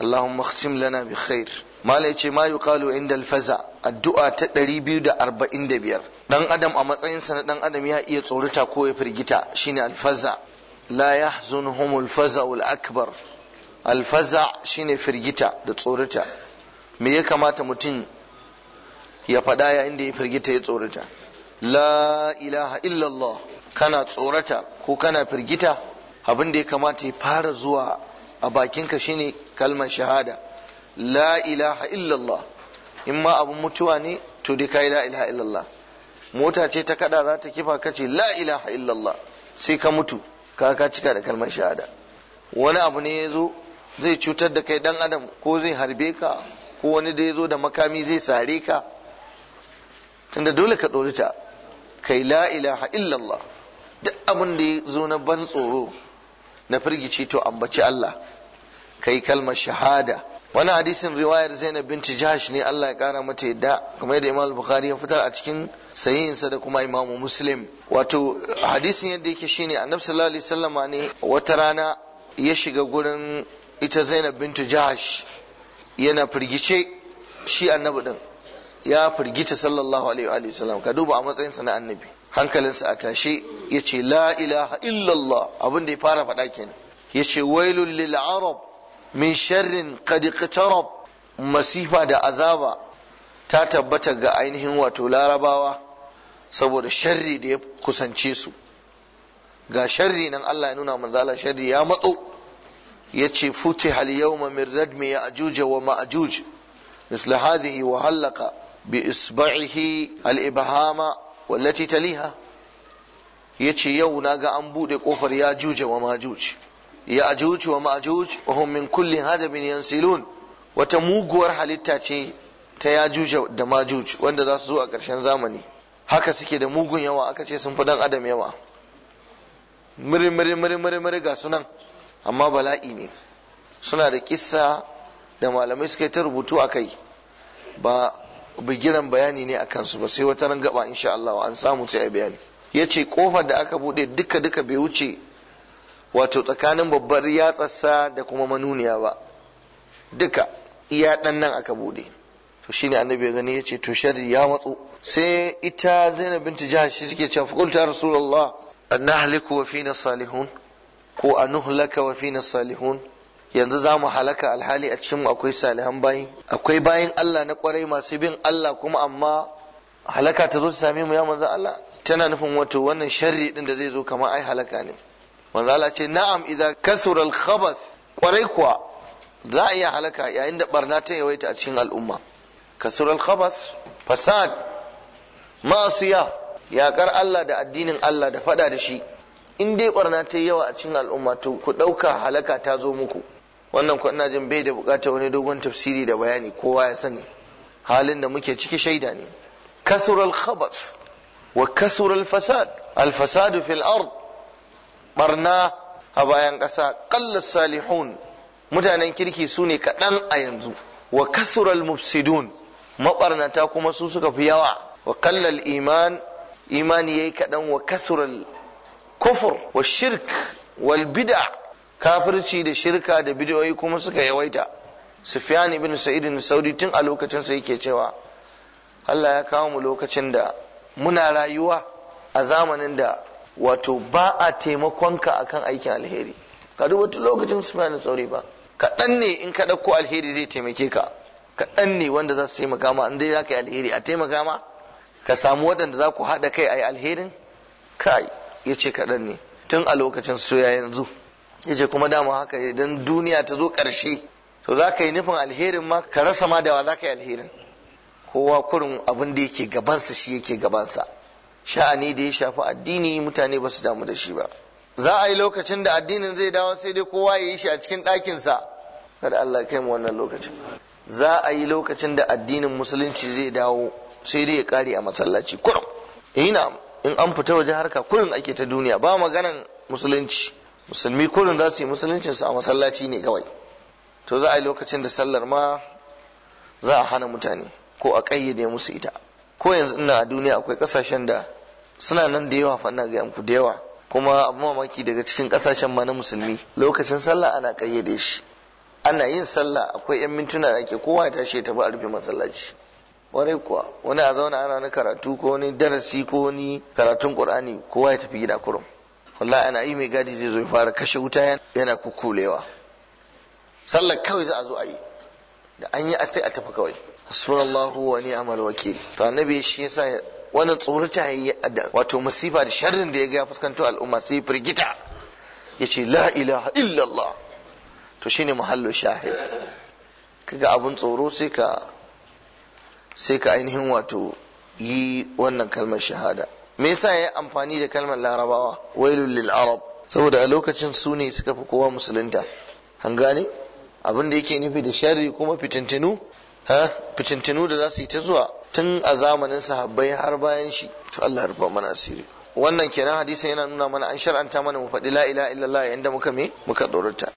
Allahumma khtim lana bi khair mala yace ma yuqalu inda al-faza addu'a ta biyar. Ɗan adam a matsayin sa na ɗan adam ya iya tsorata ko ya firgita shine al-faza la yahzunhum faza al-akbar Alfaza shine firgita da tsorata me ya kamata mutum ya faɗa yayin da ya firgita ya tsorata la ilaha illallah kana tsorata ko kana firgita abin da ya kamata ya fara zuwa a bakinka shine kalman shahada la ilaha illallah in ma abun mutuwa ne to dai kai la ilaha illallah mota ce ta kada za ta kifa kace la ilaha illallah sai ka mutu ka ka cika da kalmar shahada wani abu ne yazo zai cutar da kai dan adam ko zai harbe ka ko wani da yazo da makami zai sare ka tunda dole ka dori ta kai la ilaha illallah duk abin da ya zo na ban tsoro na firgici to ambaci Allah kai kalmar shahada wani hadisin riwayar zainab binti jahash ne Allah ya kara mata yadda kamar yadda imam bukhari ya fitar a cikin sahihinsa da kuma imamu muslim wato hadisin yadda yake shine annabi sallallahu alaihi wasallama ne wata rana ya shiga gurin ita zainab binti jahash yana firgice shi annabi din ya firgita sallallahu alaihi wa sallam ka duba a matsayinsa na annabi hankalinsa a tashe ya ce la ilaha illallah abin da ya fara faɗa kenan ya ce wailul lil arab min sharrin qad masifa da azaba ta tabbata ga ainihin wato larabawa saboda sharri da ya kusance su ga sharri nan Allah ya nuna manzala sharri ya matso ya ce futi hal yawma min radmi ya ajuja wa ma'ajuj misla hadhihi wa halaka bi isba'ihi al ibhama wallati taliha yace yau na ga an buɗe kofar ya juja wa ma'ajuj ya'juj wa ma'juj wa hum min kulli hadabin yansilun wata muguwar halitta ce ta yajuj da majuj wanda za su zo a ƙarshen zamani haka suke da mugun yawa aka ce sun fi dan adam yawa miri miri miri miri ga sunan amma bala'i ne suna da kissa da malamai suka yi ta rubutu akai. kai ba bigiran bayani ne a kansu ba sai wata ran gaba insha Allah an samu sai a bayani yace kofar da aka bude duka duka bai wuce wato tsakanin babbar yatsarsa da kuma manuniya ba duka iya ɗan nan aka bude. to shine annabi ya gani yace to sharri ya matso sai ita Zainab binti Jahash shi take cewa faqul ta rasulullah an nahliku wa fina salihun ko an laka wa fina salihun yanzu za mu halaka alhali a cikin akwai salihan bayi akwai bayin Allah na kwarai masu bin Allah kuma amma halaka ta zo ta same mu ya manzo Allah tana nufin wato wannan sharri din da zai zo kamar ai halaka ne manzo Allah ce na'am idza kasura al-khabath kwarai kuwa za a iya halaka yayin da barna ta yawaita a cikin al'umma kasura al-khabath fasad ma'asiya yaƙar Allah da addinin Allah da fada da shi in dai barna ta yawa a cikin al'umma to ku ɗauka halaka ta zo muku wannan ku ina jin bai da bukatar wani dogon tafsiri da bayani kowa ya sani halin da muke ciki shaida ne kasura al-khabath wa kasura al-fasad al-fasad fil ard barna a bayan ƙasa ƙallar salihun mutanen kirki su ne kaɗan a yanzu wa kasural mufsidun maɓarnata kuma su suka fi yawa wa ƙallar iman imani yayi kaɗan wa kasural kufur wa shirk wal bid'a kafirci da shirka da bidiyoyi kuma suka yawaita sufyan ibn sa'id ibn saudi tun a lokacin sa yake cewa Allah ya kawo mu lokacin da muna rayuwa a zamanin da wato ba a taimakonka akan aikin alheri ka duba tun lokacin su Usman tsauri ba kaɗan ne in ka ɗauko alheri zai taimake ka kaɗan ne wanda za su taimaka ma in dai za ka yi alheri a taimaka ma ka samu waɗanda za ku haɗa kai a yi alherin kai ya ce kaɗan ne tun a lokacin su ya yanzu ya ce kuma dama haka idan duniya ta zo ƙarshe to za ka yi nufin alherin ma ka rasa ma da wa za ka yi alherin kowa kurin abin da yake gabansa shi yake gabansa sha'ani da ya shafi addini mutane ba su damu da shi ba za a yi lokacin da addinin zai dawo sai dai kowa ya yi shi a cikin ɗakinsa kada Allah kai mu wannan lokacin za a yi lokacin da addinin musulunci zai dawo sai dai ya kare a masallaci kurum ina eh, in an fita waje harka kurin ake ta duniya ba maganan musulunci musulmi kurin za su yi musuluncin su a masallaci ne kawai to za a yi lokacin da sallar ma za a hana mutane ko a ƙayyade musu ita ko yanzu ina a duniya akwai kasashen da suna nan da yawa fa ga yanku da yawa kuma abu mamaki daga cikin kasashen ma na musulmi lokacin sallah ana kayyade shi ana yin sallah akwai yan mintuna da ake kowa ya tashi ya tafi a rufe masallaci warai kuwa wani a zauna ana na karatu ko wani darasi ko wani karatun qur'ani kowa ya tafi gida kurum wallahi ana yi mai gadi zai zo ya fara kashe wuta yana kukulewa Sallah kawai za a zo a yi da an yi sai a tafi kawai hasbunallahu wa ni'mal wakil to annabi shi yasa wannan tsorata wato masifa da sharrin da ya ga fuskantar al'umma sai firgita ya ce la ilaha illallah to shine muhallin shahid kaga abun tsoro sai ka ainihin wato yi wannan kalmar shahada me yasa ya yi amfani da kalmar larabawa wailul lil arab saboda a lokacin su ne suka fi kowa musulunta an gane abin da yake nufi da sharri kuma fitintinu ha fitintinu da za su yi ta zuwa tun a zamanin sahabbai har bayan shi to Allah rufa mana asiri wannan kenan hadisin yana nuna mana an shar'anta mana mu faɗi la ilaha illallah yayin da muka me muka dorota